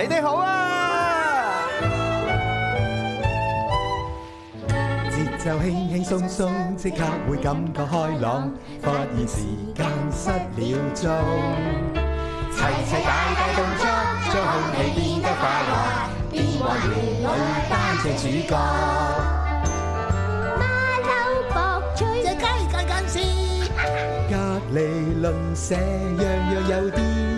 你哋好啊！節奏輕輕鬆鬆，即刻會感覺開朗，發現時間失了蹤。齊齊大大動作，將你變得快樂，變幻戲裡扮隻主角。馬騮博嘴，隻雞講緊事， 隔離鄰舍，樣樣有啲。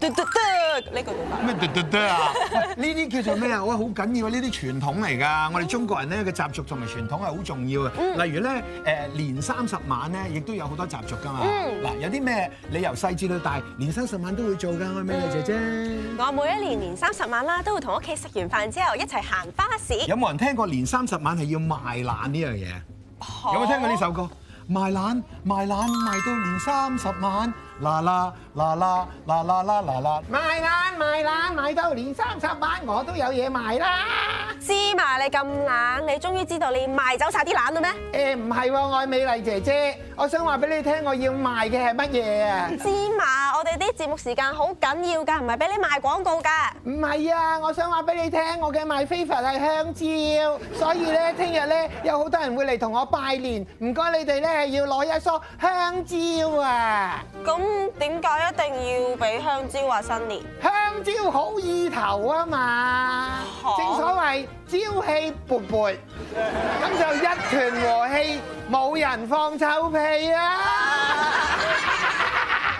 嘟嘟嘟，呢個咩？嘟嘟嘟啊！呢啲 叫做咩啊？我好緊要啊！呢啲傳統嚟㗎，我哋中國人咧嘅習俗同埋傳統係好重要啊。例如咧，誒年三十晚咧，亦都有好多習俗㗎嘛。嗱，嗯、有啲咩？你由細至到大，年三十晚都會做㗎。我係咪你姐姐？我每一年年三十晚啦，都會同屋企食完飯之後一齊行巴士。有冇人聽過年三十晚係要賣懶呢樣嘢？嗎有冇聽過呢首歌？賣懶賣懶賣，賣，賣，賣到年三十晚，嗱嗱嗱嗱嗱嗱嗱嗱，賣懶賣懶賣到年三十晚，我都有嘢賣啦！芝麻你咁懶，你終於知道你賣走晒啲懶啦咩？誒唔係喎，愛美麗姐姐，我想話俾你聽，我要賣嘅係乜嘢啊？芝麻。你啲節目時間好緊要㗎，唔係俾你賣廣告㗎。唔係啊，我想話俾你聽，我嘅賣非法係香蕉，所以咧，聽日咧有好多人會嚟同我拜年，唔該你哋咧要攞一梳香蕉啊。咁點解一定要俾香蕉話新年？香蕉好意頭啊嘛，正所謂朝氣勃勃，咁 就一團和氣，冇人放臭屁啊！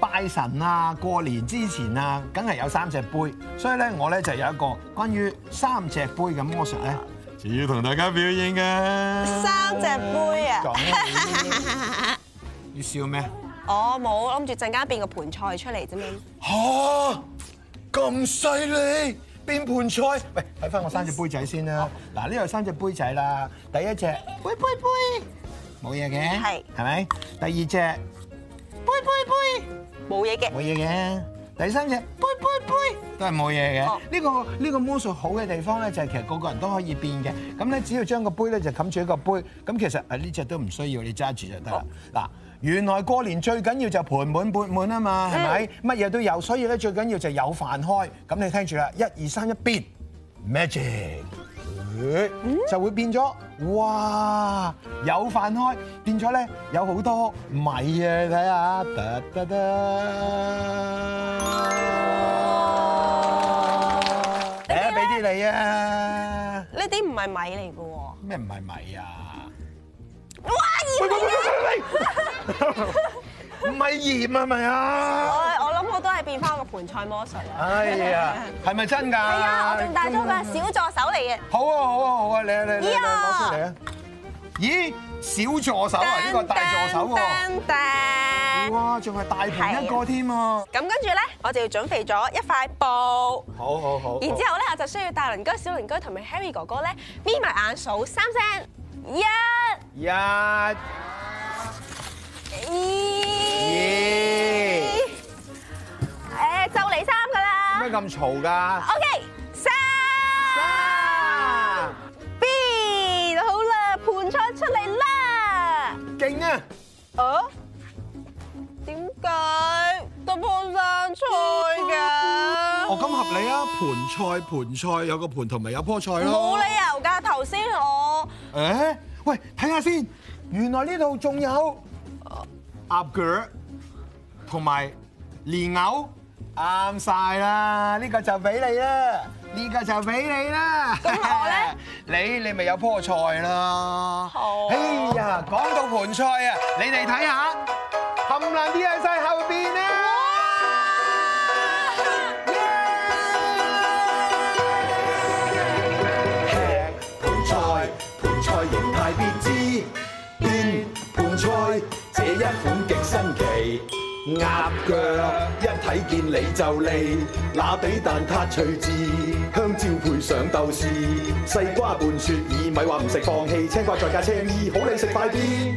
拜神啊，過年之前啊，梗係有三隻杯，所以咧我咧就有一個關於三隻杯嘅魔術咧，要同大家表演啊！三隻杯啊！你笑咩？ 我冇諗住陣間變個盤菜出嚟啫嘛！吓、啊？咁犀利變盤菜？喂，睇翻我三隻杯仔先啦。嗱、嗯，呢度三隻杯仔啦，第一隻杯杯杯，冇嘢嘅，係係咪？第二隻。冇嘢嘅，冇嘢嘅。第三隻杯杯杯，杯杯都係冇嘢嘅。呢個呢個魔術好嘅地方咧，就係其實個個人都可以變嘅。咁咧，只要將個杯咧就冚住一個杯，咁其實啊呢隻都唔需要你揸住就得啦。嗱，原來過年最緊要就盤滿缽滿啊嘛，係咪？乜嘢、嗯、都有，所以咧最緊要就有飯開。咁你聽住啦，一二三，一變，Magic。就會變咗，哇！有飯開，變咗咧有好多米啊！你睇下，得得得，嚟啊！俾啲你啊！呢啲唔係米嚟㗎喎。咩唔係米啊？哇！鹽，唔係鹽係咪啊？我都係變翻個盤菜魔術。哎呀，係咪 真㗎？係啊，我仲帶咗個小助手嚟嘅、啊。好啊好啊好啊，你啊，你、哎呀。啊，啊！咦，小助手啊，呢、這個大助手喎、啊。叮叮哇，仲係大盤一個添是啊。咁跟住咧，我就要準備咗一塊布。好好好。好好好，然之後咧，我就需要大鄰居、小鄰居同埋 Harry 哥哥咧，眯埋眼數三聲：一、一、二。咩咁嘈噶？OK，三，B 好啦，盤菜出嚟啦！勁啊！哦？點解都盤生菜嘅？哦，咁合理啊！盤菜盤菜，有個盤同埋有棵菜咯。冇理由噶，頭先我。誒，喂，睇下先，原來呢度仲有鴨腳同埋蓮藕。啱曬啦！呢個就俾你啦，呢個就俾你啦。咁我咧，你你咪有菠菜啦。好。哎呀，講到盤菜啊，你哋睇下，冚爛啲喺曬後邊咧。哇！吃盤菜，盤菜形態別緻，變盤菜，這一款極新奇。鴨腳一睇見你就膩，那比蛋撻脆至香蕉配上豆豉，西瓜拌雪耳咪話唔食放棄，青瓜再加青衣，好你食快啲，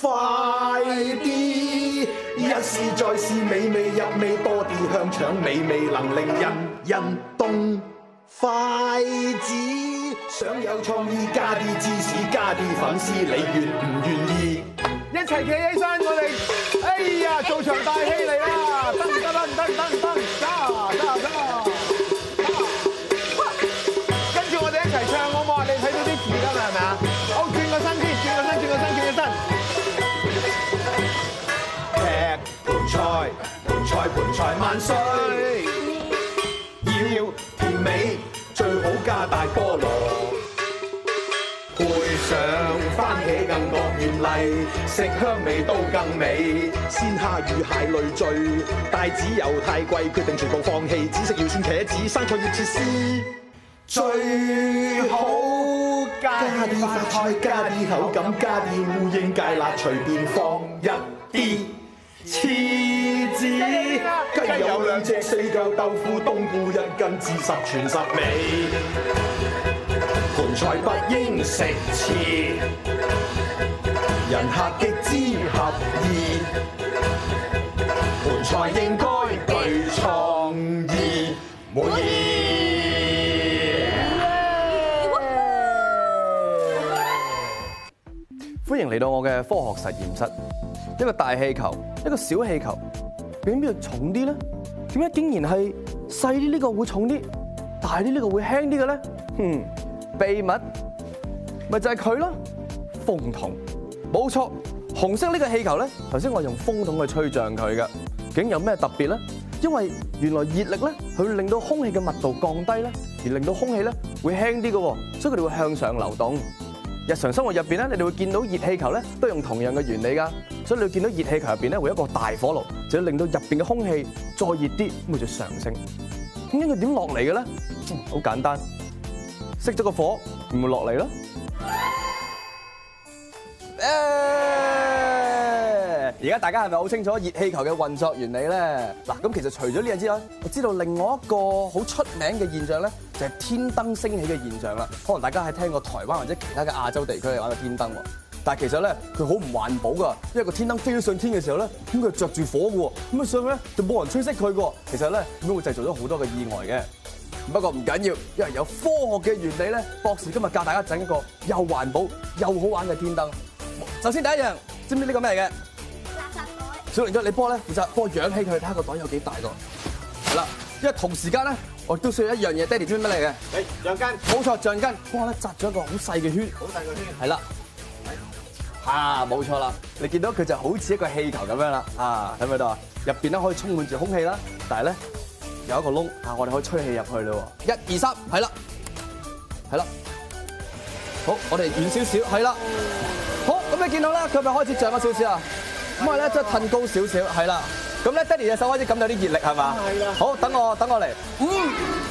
快啲一試再試美味入味多啲香腸美味能令人人凍筷子，想有創意加啲芝士加啲粉絲你願唔願意？一齊企起身，我哋，哎呀，做場大戲嚟啦！得唔得？得唔得？得唔得？得唔得？得唔得？得唔得？跟住我哋一齊唱好唔好啊？你睇到啲字㗎嘛？係咪啊？好，轉個身先，轉個身，轉個身，轉個身。劇盆菜、盆菜、盆菜萬歲，要要甜美最好加大菠蘿。上番茄更覺艷麗，食香味都更美。鮮蝦與蟹類最帶子油太貴，決定全部放棄，只食腰酸茄子、生菜葉切絲。最好加啲花菜，加啲口感，加啲烏蠅芥辣，隨便放一啲。柿子雞有，雞有兩隻，四舊豆腐冬菇一斤，至十全十美。盆菜不應食黐，人客極之合意，盆菜應該對創意滿意。歡迎嚟到我嘅科學實驗室，一個大氣球，一個小氣球，比邊度重啲咧？點解竟然係細啲呢個會重啲，大啲呢個會輕啲嘅咧？嗯。秘密咪就係佢咯，風筒冇錯。紅色呢個氣球咧，頭先我係用風筒去吹漲佢嘅。究竟有咩特別咧？因為原來熱力咧，佢令到空氣嘅密度降低咧，而令到空氣咧會輕啲嘅，所以佢哋會向上流動。日常生活入邊咧，你哋會見到熱氣球咧都用同樣嘅原理㗎，所以你會見到熱氣球入邊咧會有一個大火爐，就要令到入邊嘅空氣再熱啲，咁就上升。咁樣佢點落嚟嘅咧？好簡單。熄咗個火，會唔會落嚟咯？而家大家係咪好清楚熱氣球嘅運作原理咧？嗱，咁其實除咗呢樣之外，我知道另外一個好出名嘅現象咧，就係天燈升起嘅現象啦。可能大家係聽過台灣或者其他嘅亞洲地區玩過天燈喎。但係其實咧，佢好唔環保噶，因為個天燈飛咗上天嘅時候咧，咁佢着住火嘅喎，咁啊上面咧就冇人吹熄佢嘅。其實咧，點解會製造咗好多嘅意外嘅？不過唔緊要，因為有科學嘅原理咧，博士今日教大家整一個又環保又好玩嘅天燈。首先第一樣，知唔知呢個咩嘅？垃圾袋。小玲姐，你幫咧負責幫我揚起佢，睇下個袋有幾大個。係啦，因為同時間咧，我亦都需要一樣嘢。爹哋，知唔知乜嚟嘅？橡筋，冇錯，橡筋。幫我咧紮咗一個好細嘅圈。好細嘅圈。係啦。啊，冇錯啦！你見到佢就好似一個氣球咁樣啦，啊，睇唔睇到啊？入邊咧可以充滿住空氣啦，但係咧有一個窿，啊，我哋可以吹氣入去咯喎！一二三，係啦，係啦，好，我哋遠少少，係啦，好，咁你見到咧佢咪開始漲咗少少啊？咁我咧再騰高少少，係啦，咁咧爹哋隻手開始感到啲熱力係嘛？係啊！對了 好，等我，等我嚟，嗯。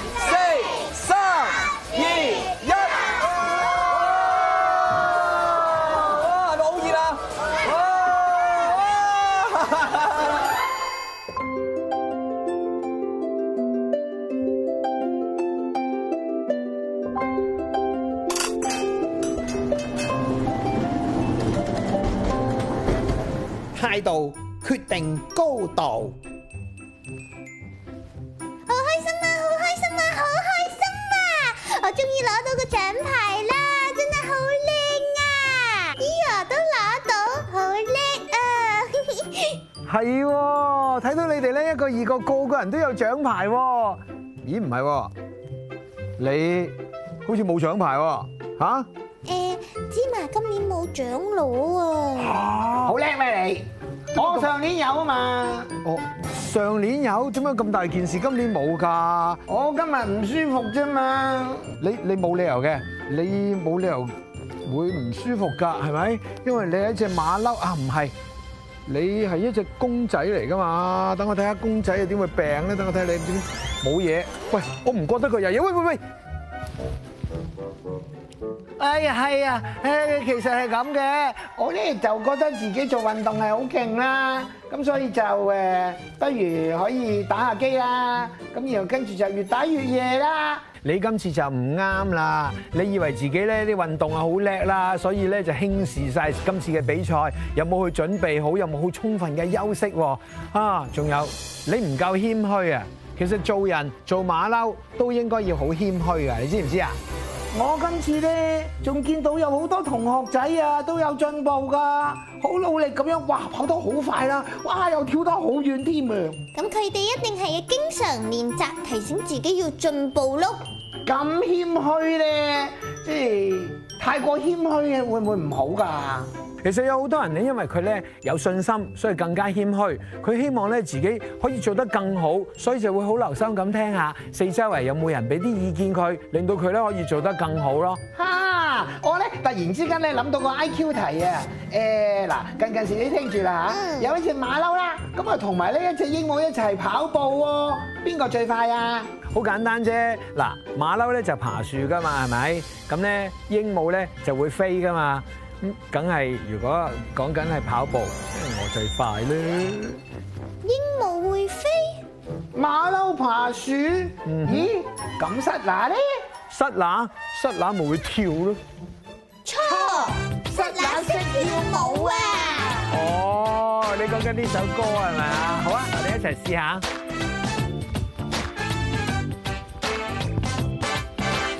態度決定高度。好開心啊！好開心啊！好開心啊！我終於攞到個獎牌啦，真係好靚啊！依個都攞到，好叻啊！係喎，睇到你哋咧一個二個個個人都有獎牌喎。咦，唔係喎，你好似冇獎牌喎，吓？誒，芝麻今年冇獎攞啊！哦，好叻咩你？麼麼我上年有嘛，哦？我上年有，點解咁大件事今年冇㗎？我今日唔舒服啫嘛你？你你冇理由嘅，你冇理由會唔舒服㗎？係咪？因為你係一隻馬騮啊？唔係，你係一隻公仔嚟㗎嘛？等我睇下公仔又點會病咧？等我睇下你點冇嘢？喂，我唔覺得佢有嘢。喂喂喂！喂哎呀，係啊，誒，其實係咁嘅。我呢就覺得自己做運動係好勁啦，咁所以就誒，不如可以打下機啦。咁然後跟住就越打越夜啦。你今次就唔啱啦。你以為自己呢啲運動啊好叻啦，所以呢就輕視晒今次嘅比賽，有冇去準備好，有冇好充分嘅休息？啊，仲有你唔夠謙虛啊。其實做人做馬騮都應該要好謙虛啊，你知唔知啊？我今次呢，仲見到有好多同學仔啊，都有進步㗎，好努力咁樣，哇，跑得好快啦，哇，又跳得好遠添啊！咁佢哋一定係要經常練習，提醒自己要進步咯。咁謙虛呢，即係太過謙虛嘅會唔會唔好㗎？其實有好多人咧，因為佢咧有信心，所以更加謙虛。佢希望咧自己可以做得更好，所以就會好留心咁聽下四周圍有冇人俾啲意見佢，令到佢咧可以做得更好咯。哈、啊！我咧突然之間咧諗到個 IQ 題啊！誒，嗱，近近時你聽住啦吓，有一隻馬騮啦，咁啊同埋呢一隻鸚鵡一齊跑步喎，邊個最快啊？好簡單啫！嗱，馬騮咧就爬樹噶嘛，係咪？咁咧鸚鵡咧就會飛噶嘛。梗係，如果講緊係跑步，我最快咧。鸚鵡會飛，馬騮爬樹，嗯哼，咁蛇乸呢？蛇乸？蛇乸咪會跳咯？錯，蛇乸識跳舞。舞啊？哦，oh，你講緊呢首歌係咪啊？好啊，我哋一齊試下。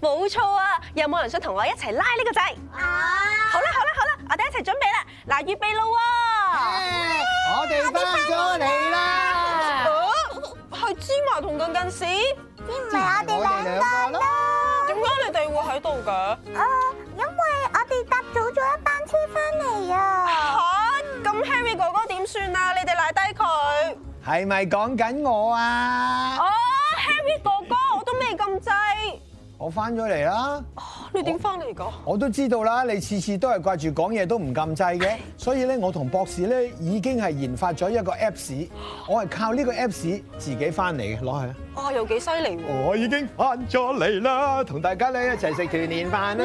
冇錯啊！ 錯有冇人想同我一齊拉呢個仔啊？啊！好啦好啦好啦，我哋一齊準備啦！嗱，預備咯！我哋翻咗嚟啦！啊，係芝麻同近近屎，唔係我哋兩個咯。點解你哋會喺度嘅？啊，因為我哋搭早咗一班車翻嚟啊！吓，咁 Harry 哥哥點算啊？你哋賴低佢？係咪講緊我啊？哦，Harry 哥哥，我都未撳掣。我翻咗嚟啦！你點翻嚟噶？我都知道啦，你次次都係怪住講嘢都唔禁制嘅，所以咧，我同博士咧已經係研發咗一個 app，s 我係靠呢個 app s 自己翻嚟嘅。攞去啊，哦，又幾犀利！我已經翻咗嚟啦，同大家咧一齊食團年飯啦！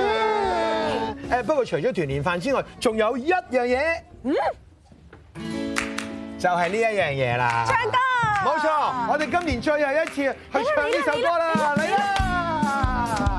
誒、嗯，不過除咗團年飯之外，仲有一樣嘢，嗯、就係呢一樣嘢啦！唱歌！冇錯，我哋今年最後一次去唱呢首歌啦！你啦！你